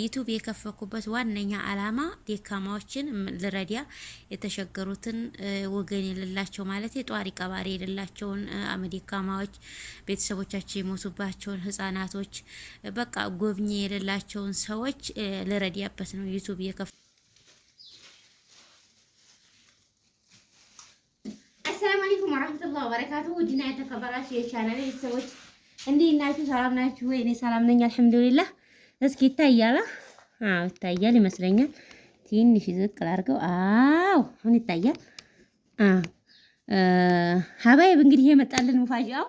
ዩቱብ የከፈኩበት ዋነኛ አላማ ደካማዎችን ልረዳ የተሸገሩትን ወገን የሌላቸው ማለት ጧሪ ቀባሪ የሌላቸውን ደካማዎች፣ ቤተሰቦቻቸው የሞቱባቸውን ህጻናቶች፣ በቃ ጎብኚ የሌላቸውን ሰዎች ልረዳበት ነው ዩቱብ የከፈ አሰላሙ አለይኩም ወራህመቱላሂ ወበረካቱ ውድና የተከበራችሁ የቻናሌ ቤተሰቦች እንዲህ ናችሁ? ሰላም ናችሁ ወይ? እኔ ሰላም ነኝ አልሐምዱሊላህ። እስኪ ይታያላ? አዎ ይታያል ይመስለኛል። ትንሽ ዝቅ ላድርገው። አዎ አሁን ይታያል። ሀባይብ እንግዲህ የመጣልን ሙፋጃው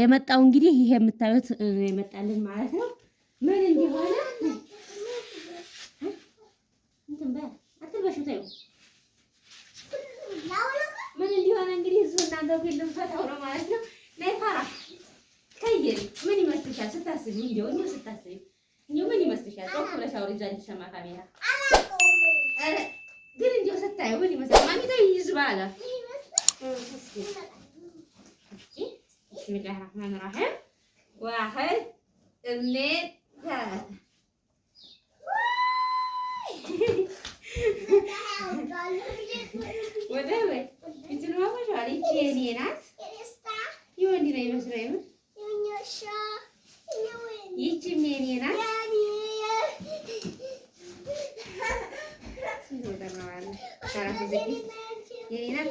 የመጣው እንግዲህ ይሄ የምታዩት የመጣልን ማለት ነው። ምን እንደሆነ ምን እንደሆነ እንግዲህ እናንተ ፈታው ነው ማለት ነው። ናይ ፋራ ምን ይመስልሻል ነው ስታስቢ እንዲሁ ምን ይመስልሻል? ቆም ብለሽ አውሪ። እዛ እንዲሰማ ካሜራ ግን እንዲሁ ስታየው ምን ይመስላል? ማሚታ ይዝባ አለ። ብስሚላህ ረህማን ራሂም ዋህል እምኔት ወደ የኔ ናት። ትወጣለህ።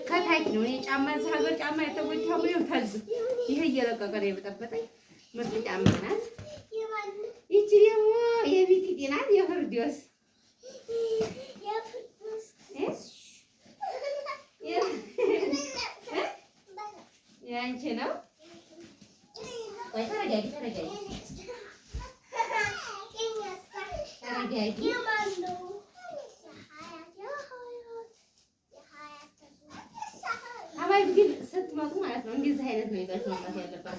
ከታች ነው። እኔ ጫማ እዚህ ሀገር ጫማ የተጎዳሁ ምንም ታዝ ይሄ እየለቀቀ ነው የበጠበጠኝ። ምርጥ ጫማ ናት። ይቺ ደግሞ የቤት ጤናት የፍርዲዮስ ያንቺ ነው። ቆይ ተረጋጊ፣ ተረጋጊ፣ ተረጋጊ quanto mais, não diz regras nem vai falar para regra para.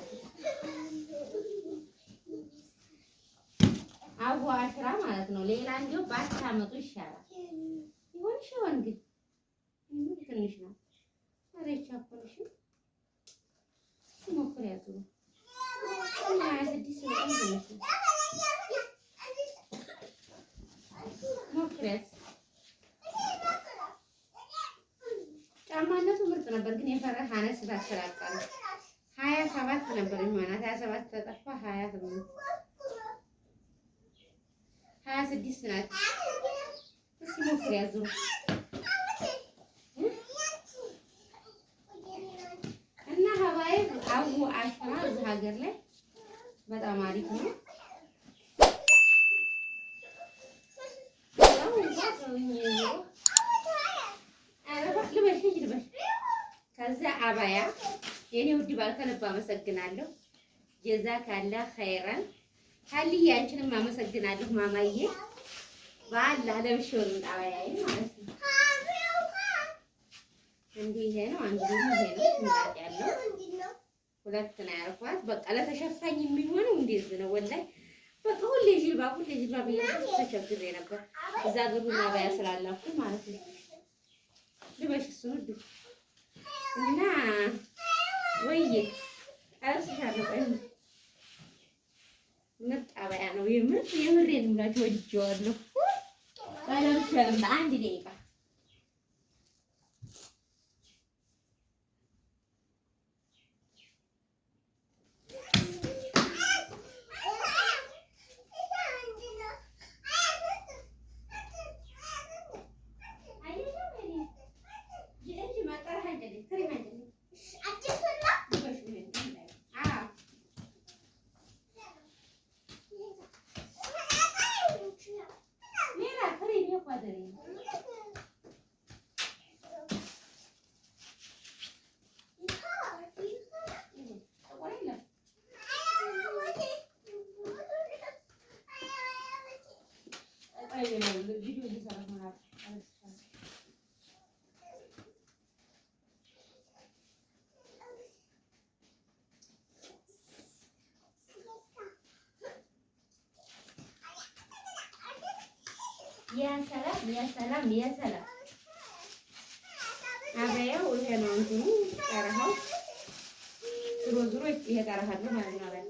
Algo a achar mal, não lhe irá nem o baixo a tá, mal tuchar. E onde está o angu? Não está nem chá. A deixar por isso. Como é que é tudo? Não mais é disso não. Não cresce. ፈረሃነቱ ምርጥ ነበር፣ ግን የፈረሃነ ስታሰላቃ ነው። ሀያ ሰባት ነበር የሚሆናት ሀያ ሰባት ተጠፋ ሀያ ስምንት ሀያ ስድስት ናት። እስኪ ሞክር ያዙ እና ሀባይ አቡ አሽራ እዚህ ሀገር ላይ በጣም አሪፍ ነው። ልበሽ ልበሽ ከዛ አባያ የኔ ውድ ባል ከልብ አመሰግናለሁ። ጀዛ ካለ ኸይረን ሀልዬ አንቺንም አመሰግናለሁ ማማዬ። ባል ለብሼው ነው አባያዬ ማለት ነው። እንዲህ ይሄ ነው አንዱ ይሄ ነው እንዳት ያለው ሁለት ነው ያርኳት። በቃ ለተሸፋኝ የሚሆነው እንደዚህ ነው ወላይ በቃ ሁሌ ጅልባ ሁሌ ጅልባ ብዬሽ ተቸግሬ ነበር። እዛ ግሩ ማባያ ስላላኩ ማለት ነው ልበሽ እሱን ውድ እና ወይ አርስሻለሁ። መጣበያ ነው የምር የምሬን ብላችሁ ወድጄዋለሁ። ባለብቻ አንድ ደቂቃ የሰላም የሰላም የሰላም አበያው ይሄ ነው እንትኑ ቀረሃው ዞሮ ዞሮ ይሄ ቀረሃ ማለት ነው።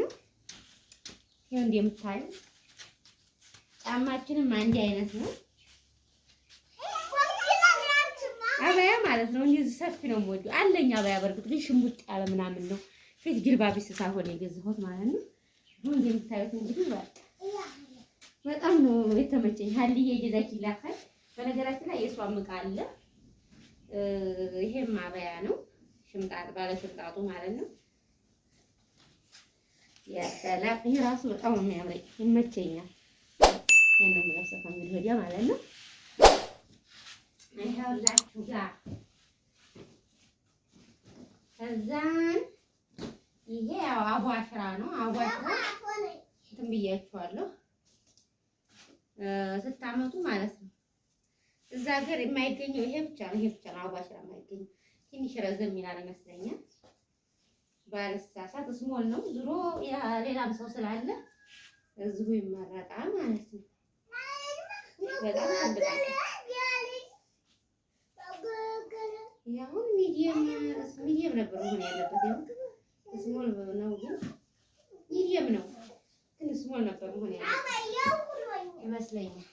ማለት ነው። ይኸው እንደምታዩ ጫማችንም አንድ አይነት ነው። አበያ ማለት ነው። እንደዚህ ሰፊ ነው የምወዱ አለኝ አበያ። በእርግጥ ግን ሽምቡጥ ያለ ምናምን ነው። ፊት ጅልባቢ ስሳሆነ የገዛሁት ማለት ነው። አሁን እንደምታዩት እንግዲህ በጣም ነው የተመቸኝ። ሀልዬ የገዛች ይላካል። በነገራችን ላይ የእሷም ዕቃ አለ። ይሄም አበያ ነው። ሽምጣጥ ባለ ሽምጣጡ ማለት ነው። ያሰላም ይሄ ራሱ በጣም የሚያምረኝ ይመቸኛል። ይሄን ነው የምለብሰው ከእንግዲህ ወዲያ ማለት ነው። ይኸውላችሁ ጋር ከዛን ይሄ ያው አቧሽራ ነው። አቧሽራ እንትን ብያችኋለሁ ስታመጡ ማለት ነው። እዛ ሀገር የማይገኘው ይሄ ብቻ ነው። ይሄ ብቻ ነው አቧሽራ የማይገኘው። ትንሽ ረዘም ይላል ይመስለኛል። ባልሳሳት ስሞል ነው ዙሮ ሌላም ሰው ስላለ እዚሁ ይመረጣል ማለት ነው። በጣም አሁን ሚዲየም ነበር መሆን ያለበት ስሞል ነው፣ ግን ሚዲየም ነው ግን ስሞል ነበር መሆን ያለበት ይመስለኛል።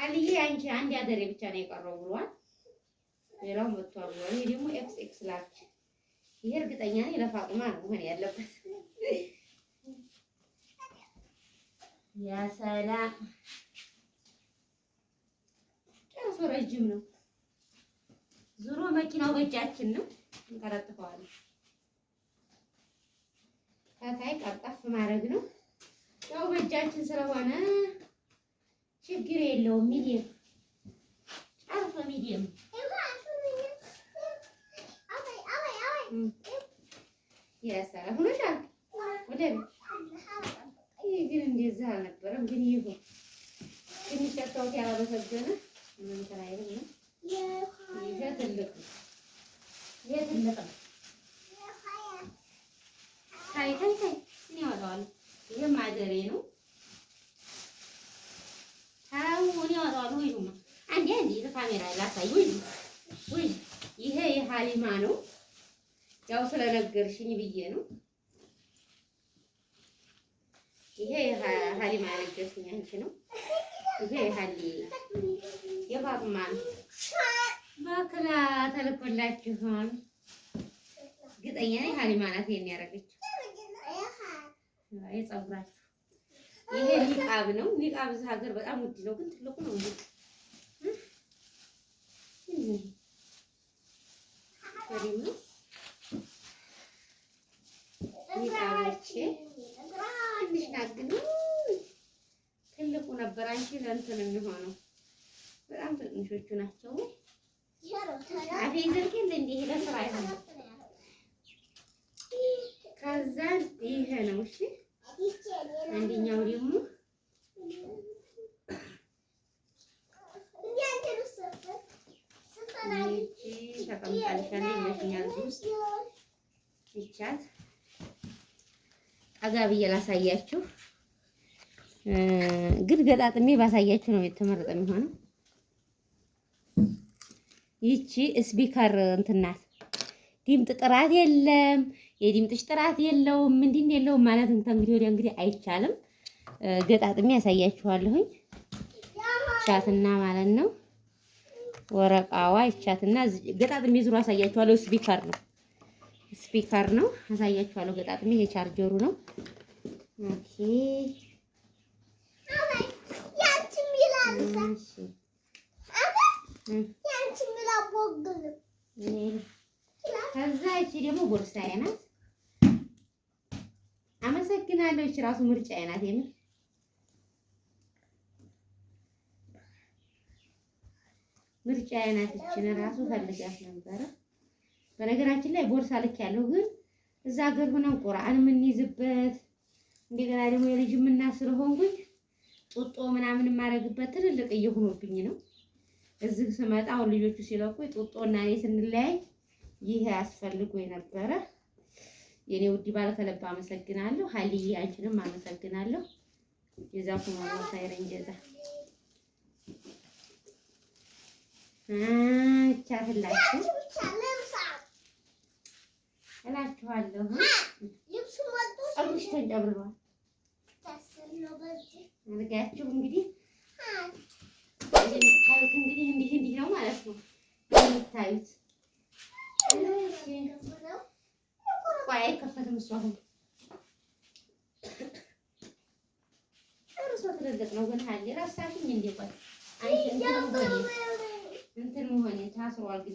ሀልዬ አንቺ አንድ አደሬ ብቻ ነው የቀረው ብሏል። ሌላው መጥቷል ብሏል። ይሄ ደግሞ ኤክስ ኤክስ ላርጅ ይሄ እርግጠኛ ነኝ ለፋጡማ ነው መሆን ያለበት። ያ ሰላም ጨርሶ ረጅም ነው። ዙሮ መኪናው በእጃችን ነው፣ እንቀረጥፈዋለን። ከታይ ቀልጠፍ ማድረግ ነው ያው በእጃችን ስለሆነ ችግር የለውም። ሚዲየም ጨርሶ ሚዲየም ያሳራ ሁለታል ግን እንደዚህ አልነበረም። ግን ይሁን ትንሽ ሸታውት ያላበሰገነ ምንም ተናይልም ነው። ይሄ ትልቅ ይሄ ትልቅ ነው። ታይ ታይ ታይ እኔ አወጣዋለሁ። ይሄ ማደሬ ነው። ታው እኔ አወጣዋለሁ። ይሁን አንዴ አንዴ ካሜራ ላሳይ። ይሄ የሀሊማ ነው። ያው ስለነገርሽኝ ብዬ ነው። ይሄ ሀሊማ ያነገርሽኝ አንቺ ነው። ይሄ ሀሊ የባብማ ባክላ ተልኮላችሁን ግጠኛ ነኝ ሀሊማ ናት ይሄን ያደረገችው። የጸጉራችሁ ይሄ ኒቃብ ነው። ኒቃብ እዚህ ሀገር በጣም ውድ ነው፣ ግን ትልቁ ነው እንዴ ነው ሚጣቤቼ ትልቁ ነበር። አንቺ ለእንትን የሚሆነው በጣም ትንሾቹ ናቸው። አፌ ዘርግል እንዲህ ለስራ ይሆነ ከዛ ይሄ ነው። እሺ አንደኛው ደግሞ ውስጥ ይቻት ጠጋ ብዬ ላሳያችሁ፣ ግን ገጣጥሜ ባሳያችሁ ነው የተመረጠ የሚሆነው። ይቺ ስፒከር እንትን ናት። ድምፅ ጥራት የለም፣ የድምፅሽ ጥራት የለውም፣ ምንድን የለውም ማለት እንግዲህ ወዲያ እንግዲህ አይቻልም። ገጣጥሜ ያሳያችኋለሁኝ። ቻትና ማለት ነው ወረቃዋ ይቻትና ገጣጥሜ ዙሮ አሳያችኋለሁ። ስፒከር ነው ስፒከር ነው። አሳያችኋለሁ ገጣጥሜ። ይሄ ቻርጀሩ ነው። ከዛ ይቺ ደግሞ ቦርሳዬ ናት። አመሰግናለሁ። ይቺ ራሱ ምርጫዬ ናት የምር ምርጫዬ ናት። ይቺን ራሱ ፈልጋት ነበረ። በነገራችን ላይ ቦርሳ ልክ ያለው ግን እዛ ሀገር ሆነን ቁርአን የምንይዝበት እንደገና ደግሞ የልጅ ምና ስለሆንኩኝ ጡጦ ምናምን የማደርግበት ትልልቅ እየሆኑብኝ ነው። እዚህ ስመጣ አሁን ልጆቹ ሲለቁ ጡጦ እና እኔ ስንለያይ ይህ ያስፈልጉ የነበረ የኔ ውድ ባለ ከለባ አመሰግናለሁ። ሀልዬ አንቺንም አመሰግናለሁ። የዛኩም ሳይረን ጀዛ ቻፍላችሁ እላችኋለሁ። ጸጉርሽ ተጨምሯል። አድርጋችሁ እንግዲህ የምታዩት እንግዲህ እንዲህ እንዲህ ነው ማለት ነው የምታዩት። ቆይ አይከፈትም እሱ አሁን እርሶ ትልልቅ ነው ግን ሀሌ እራሳትኝ እንደ ቆይ እንትን መሆኔ ታስሯል ግን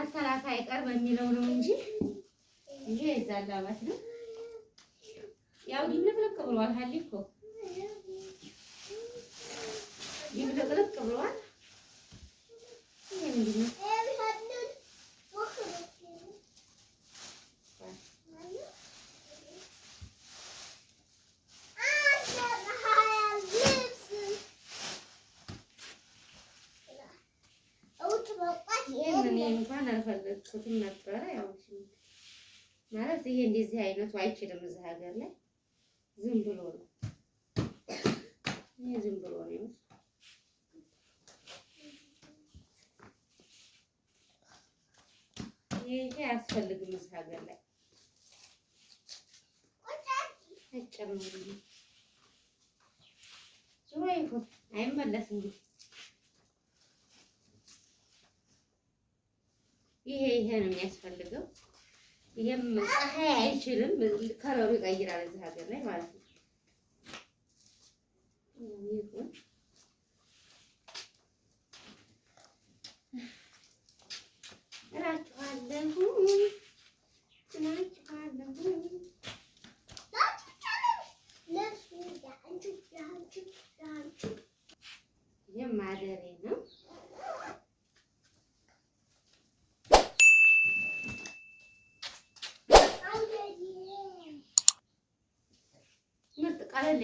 አሰራታ አይቀር በሚለው ነው እንጂ ይሄ የዛን አመት ነው። ያው ይብለቅልቅ ብሏል። ሀሊ እኮ ይብለቅልቅ ብሏል። ነው? አልፈለግኩትም ነበረ። ያው ማለት ይሄ እንደዚህ አይነቱ አይችልም እዚህ ሀገር ላይ ዝም ብሎ ነው። ይሄ ዝም ብሎ ነው። ይሄ አያስፈልግም እዚህ ሀገር ላይ አይጨምርም። ይሄ ይሄ ነው የሚያስፈልገው። ይሄም ፀሐይ አይችልም፣ ከለሩ ይቀይራል እዚህ ሀገር ላይ ማለት ነው። ማደሬ ነው።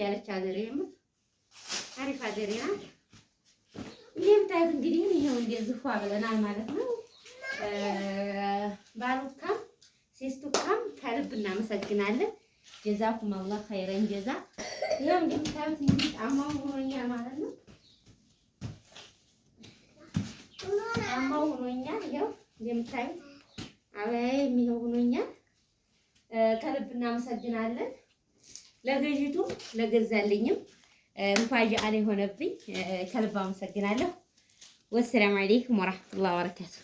ቀለል ያለች ሀገሬ የምት አሪፍ ሀገሬ ናት። እንደምታዩት እንግዲህ ይሄው እንደዚህ ፏ ብለናል ማለት ነው። ባሉካም ሴስቱካም ከልብ እናመሰግናለን። ጀዛኩም አላህ ኸይረን ጀዛ። ይሄው እንደምታዩት እንግዲህ ጣማው ሆኖኛል ማለት ነው። ጣማው ሆኖኛል። ይሄው እንደምታዩት አበያዬ የሚሆን ከልብ እናመሰግናለን። ለገዥቱ ለገዛልኝም እንኳን በዓል የሆነብኝ ከልብ አመሰግናለሁ። ወሰላም አለይኩም ወራህመቱላሂ ወበረካቱ።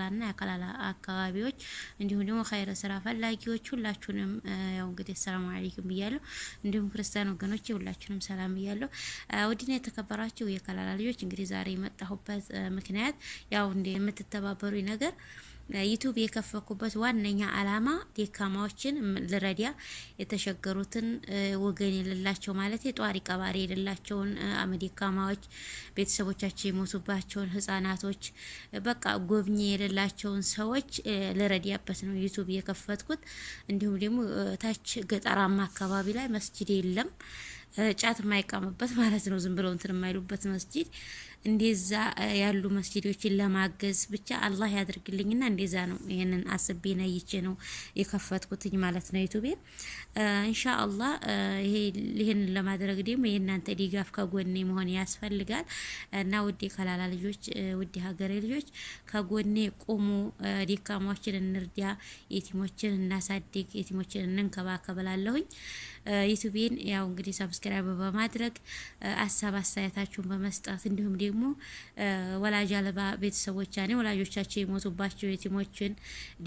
ላና ያቀላላ አካባቢዎች እንዲሁም ደግሞ ኸይረ ስራ ፈላጊዎች ሁላችሁንም ያው እንግዲህ ሰላም አለይኩም ብያለሁ። እንዲሁም ክርስቲያን ወገኖች ሁላችሁንም ሰላም ብያለሁ። ውድና የተከበራችሁ የቀላላ ልጆች እንግዲህ ዛሬ የመጣሁበት ምክንያት ያው እንደምትተባበሩኝ ነገር ዩቱብ የከፈኩበት ዋነኛ አላማ ደካማዎችን ልረዳ የተሸገሩትን ወገን የሌላቸው ማለት የጧሪ ቀባሪ የሌላቸውን ደካማዎች፣ ቤተሰቦቻቸው የሞቱባቸውን ህጻናቶች፣ በቃ ጎብኚ የሌላቸውን ሰዎች ልረዳበት ነው ዩቱብ የከፈትኩት። እንዲሁም ደግሞ ታች ገጠራማ አካባቢ ላይ መስጅድ የለም ጫት የማይቀምበት ማለት ነው። ዝም ብለው እንትን የማይሉበት መስጂድ እንደዛ ያሉ መስጂዶችን ለማገዝ ብቻ አላህ ያድርግልኝና እንደዛ ነው። ይህንን አስቤ ነይቼ ነው የከፈትኩትኝ ማለት ነው ዩቱቤ። አላህ ይህንን ለማድረግ ደግሞ የእናንተ ድጋፍ ከጎኔ መሆን ያስፈልጋል እና ውዴ ከላላ ልጆች፣ ውዴ ሀገሬ ልጆች ከጎኔ ቁሙ። ደካማዎችን እንርዳ፣ የቲሞችን እናሳድግ፣ የቲሞችን እንንከባከብላለሁኝ ዩቱቤን ያው እንግዲህ ሰብስ ሰብስክራይብ በማድረግ አሳብ አስተያየታችሁን በመስጠት እንዲሁም ደግሞ ወላጅ አልባ ቤተሰቦች ኔ ወላጆቻቸው የሞቱባቸው የቲሞችን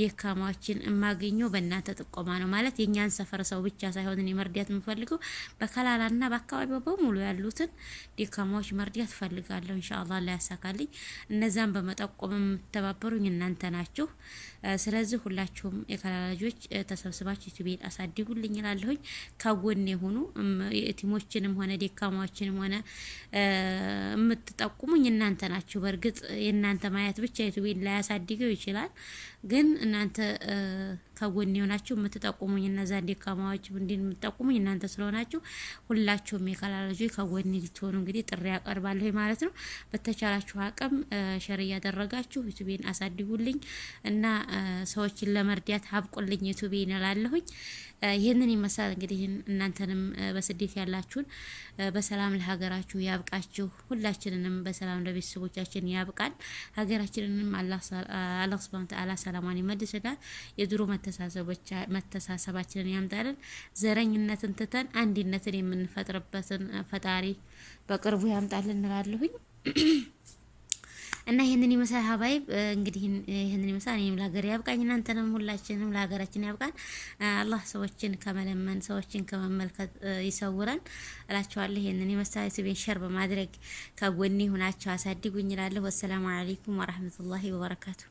ደካማዎችን የማገኘው በእናንተ ጥቆማ ነው። ማለት የእኛን ሰፈር ሰው ብቻ ሳይሆን እኔ መርዳት የምፈልገው በከላላ በከላላና በአካባቢው በሙሉ ያሉትን ደካማዎች መርዳት እፈልጋለሁ። እንሻአላ ላይ ያሳካልኝ። እነዛን በመጠቆም የምተባበሩኝ እናንተ ናችሁ። ስለዚህ ሁላችሁም የከላላ ልጆች ተሰብስባችሁ ኢትዮጵያን አሳድጉልኝ ይላለሁኝ። ከጎን የሆኑ ሐኪሞችንም ሆነ ደካማዎችንም ሆነ የምትጠቁሙኝ እናንተ ናችሁ። በእርግጥ የእናንተ ማየት ብቻ ዩቱቤን ላያሳድገው ይችላል፣ ግን እናንተ ከጎን የሆናችሁ የምትጠቁሙኝ እነዛ ደካማዎች እንዲን የምትጠቁሙኝ እናንተ ስለሆናችሁ ሁላችሁም የከላለጆ ከጎን ልትሆኑ እንግዲህ ጥሪ ያቀርባለሁ ማለት ነው። በተቻላችሁ አቅም ሸር እያደረጋችሁ ዩቱቤን አሳድጉልኝ እና ሰዎችን ለመርዳት አብቁልኝ ዩቱቤ ይንላለሁኝ። ይህንን ይመስላል እንግዲህ እናንተንም በስደት ያላችሁን በሰላም ለሀገራችሁ ያብቃችሁ። ሁላችንንም በሰላም ለቤተሰቦቻችን ያብቃል። ሀገራችንንም አላህ ሱብሃነሁ ወተዓላ ሰላሟን ይመልስላል። የድሮ መ መተሳሰባችንን ያምጣልን። ዘረኝነትን ትተን አንድነትን የምንፈጥርበትን ፈጣሪ በቅርቡ ያምጣልን እንላለሁኝ። እና ይህንን ይመስላል ሀባይ እንግዲህ ይህንን ይመስላል። እኔም ለሀገር ያብቃኝ፣ እናንተንም ሁላችንም ለሀገራችን ያብቃን። አላህ ሰዎችን ከመለመን ሰዎችን ከመመልከት ይሰውረን እላችኋለሁ። ይህንን ይመስላል። ስቤን ሸር በማድረግ ከጎኒ ሁናቸው አሳድጉኝ እላለሁ። ወሰላሙ አለይኩም ወረህመቱላሂ ወበረካቱ።